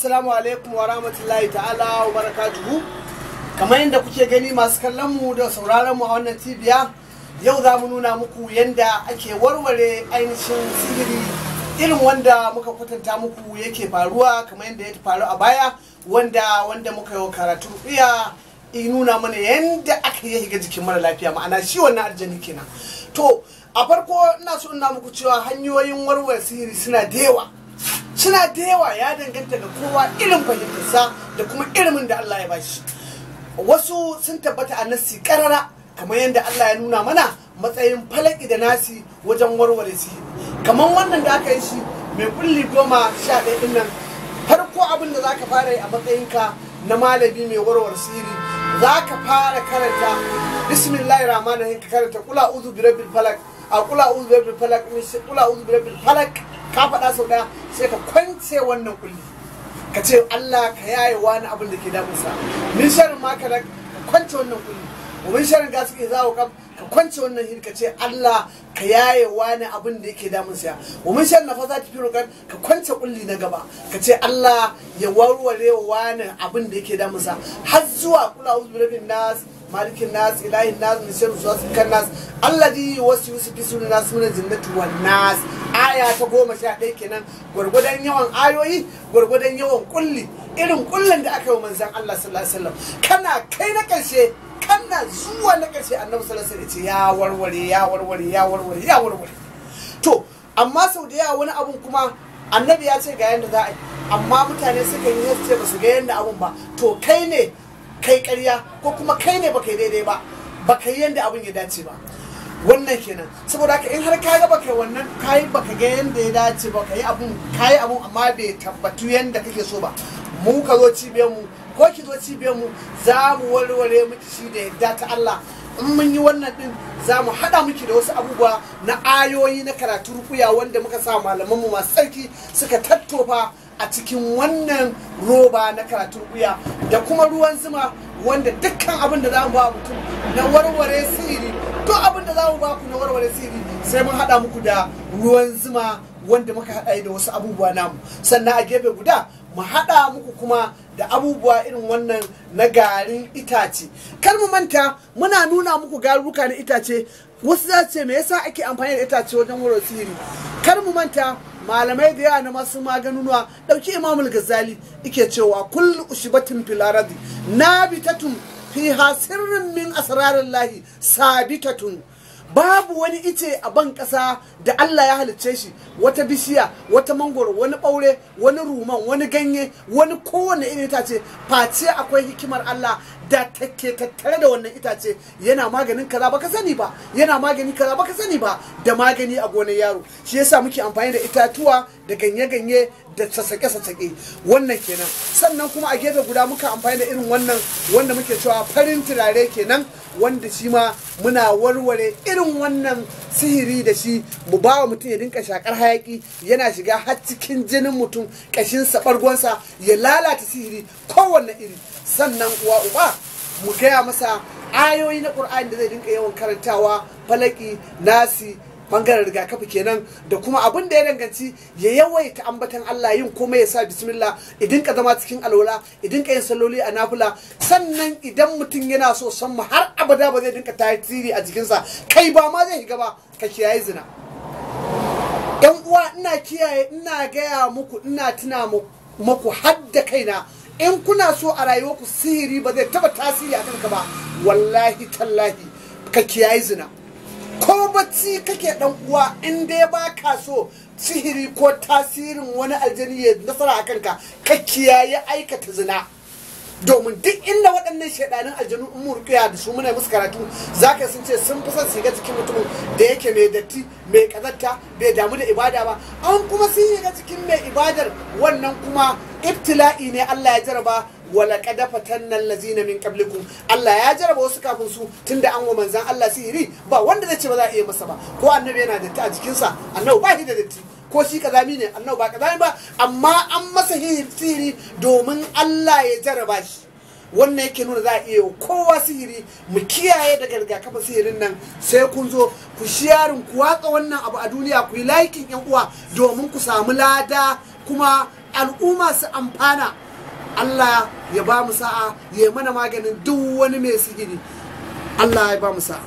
assalamu alaikum wa rahmatullahi ta'ala wa barakatuhu kamar yadda kuke gani masu kallon mu da sauraron mu a wannan cibiya yau za mu nuna muku yadda ake warware ainihin sihiri irin wanda muka kwatanta muku yake faruwa kamar yadda ya faru a baya wanda wanda muka yi karatu iya in nuna mana yadda aka yi shiga jikin mara lafiya ma'ana shi wannan aljani kenan to a farko ina so ina muku cewa hanyoyin warware sihiri suna da yawa suna da yawa ya danganta ga kowa irin fahimtarsa da kuma ilimin da Allah ya ba bashi wasu sun tabbata a nasi karara kamar yadda Allah ya nuna mana matsayin falaki da nasi wajen warware su kamar wannan da aka yi shi mai kulli goma sha ɗaya ɗin nan farko abin da za ka fara yi a matsayinka na malami mai warware siri za ka fara karanta bismillahir rahmanir rahim ka karanta kula uzu bi falak a kula uzu bi falak kula uzu falak ka faɗa sau ɗaya sai ka kwance wannan kulli ka ce Allah ka yaye wani abin da ke damunsa min sharin ma ka kwance wannan kulli min sharin ga suke zawo ka ka kwance wannan hin ka ce Allah ka yaye wani abin da yake damunsa wa min sharin nafasa ta firo kan ka kwance kulli na gaba ka ce Allah ya warware wani abin da yake damunsa har zuwa kula uzu rabbin nas malikin nas ilahin nas min sharin suwasu kan nas Allah di wasu yusufi nas min jinnatu wan nas aya ta goma sha ɗaya kenan gwargwadon yawan ayoyi gwargwadon yawan kulli irin kullun da aka yi wa manzan Allah sallallahu alaihi wasallam kana kai na ƙarshe kana zuwa na ƙarshe annabi sallallahu alaihi wasallam ya warware ya warware ya warware ya warware to amma sau da yawa wani abun kuma annabi ya ce ga yadda za a yi amma mutane suka yi ce ba su ga yadda abun ba to kai ne kai ƙarya ko kuma kai ne baka yi daidai ba baka yi yadda abun ya dace ba wannan kenan saboda ka in har ka ga baka wannan kai baka ga yanda ya dace ba kai abun kai abun amma bai tabbatu yanda kake so ba mu ka zo cibiyar mu ko ki zo cibiyar mu za mu warware miki shi da yadda ta Allah in mun yi wannan din za mu haɗa miki da wasu abubuwa na ayoyi na karatu rukuya wanda muka sa malaman mu masu tsarki suka tattofa a cikin wannan roba na karatu rukuya da kuma ruwan zuma wanda dukkan abin da za mu ba mutum na warware sihiri duk abin da za mu baku na warware sirri sai mun haɗa muku da ruwan zuma wanda muka haɗa da wasu abubuwa namu sannan a gefe guda mu haɗa muku kuma da abubuwa irin wannan na garin itace kar mu manta muna nuna muku garuruka na itace wasu za ce me yasa ake amfani da itace wajen warware sihiri kar mu manta malamai da yana masu maganunuwa ɗauki imamul gazali ike cewa kullu ushibatin filaradi na bitatun fiha sirrin min ta sabitatun babu wani ice a ban ƙasa da Allah ya halicce shi wata bishiya wata mangoro wani ɓaure wani ruman wani ganye wani kowane irin itace face akwai hikimar Allah da take tattare da wannan itace yana maganin kaza baka sani ba yana magani kaza baka sani ba da magani a gonar yaro shi yasa muke amfani da itatuwa da ganye-ganye da sasake-sasake wannan kenan sannan kuma a gefe guda muka amfani da irin wannan wanda muke cewa farin turare kenan wanda shi ma muna warware irin wannan sihiri da shi mu ba wa mutum ya dinka shakar hayaki yana shiga har cikin jinin mutum kashin sabargonsa ya lalata sihiri kowanne iri sannan uwa uba mu gaya masa ayoyi na ƙur'ani da zai dinka yawan karantawa falaki nasi bangaren rigakafi kenan da kuma abin da ya danganci ya yawaita ambatan Allah yin komai ya sa bismillah idin ka zama cikin alwala idin ka yin saloli a nafila sannan idan mutum yana so san mu har abada ba zai dinka tasiri a jikinsa kai ba ma zai shiga ba ka kiyaye zina yan uwa ina kiyaye ina gaya muku ina tuna muku hadda kaina in kuna so a ku sihiri ba zai taba tasiri a kanka ba wallahi tallahi ka kiyaye zina bacci kake dan uwa in dai ba ka so sihiri ko tasirin wani aljani ya nasara a kanka ka kiyaye aikata zina domin duk inda waɗannan shaidanin aljanu in mu rukuya da su muna musu karatu zaka sun ce sun fi son shiga cikin mutumin da yake mai datti mai kazanta bai damu da ibada ba an kuma sun shiga cikin mai ibadar wannan kuma ibtila'i ne Allah ya jaraba wala qad tannan lazina min qablikum Allah ya jaraba wasu kafin su tunda an wa manzan Allah sihiri ba wanda zai ce ba za a iya masa ba ko annabi yana datti a jikinsa annabi ba shi da datti ko shi kazami ne annabi ba kazami ba amma an masa sihiri domin Allah ya jaraba shi wannan yake nuna za a iya kowa sihiri mu kiyaye daga rigakafin sihirin nan sai kun zo ku shiyarin ku watsa wannan abu a duniya ku yi laikin yan uwa domin ku samu lada kuma al'umma su amfana Allah ya ba mu sa'a ya mana maganin duk wani mai sigiri Allah ya ba mu sa'a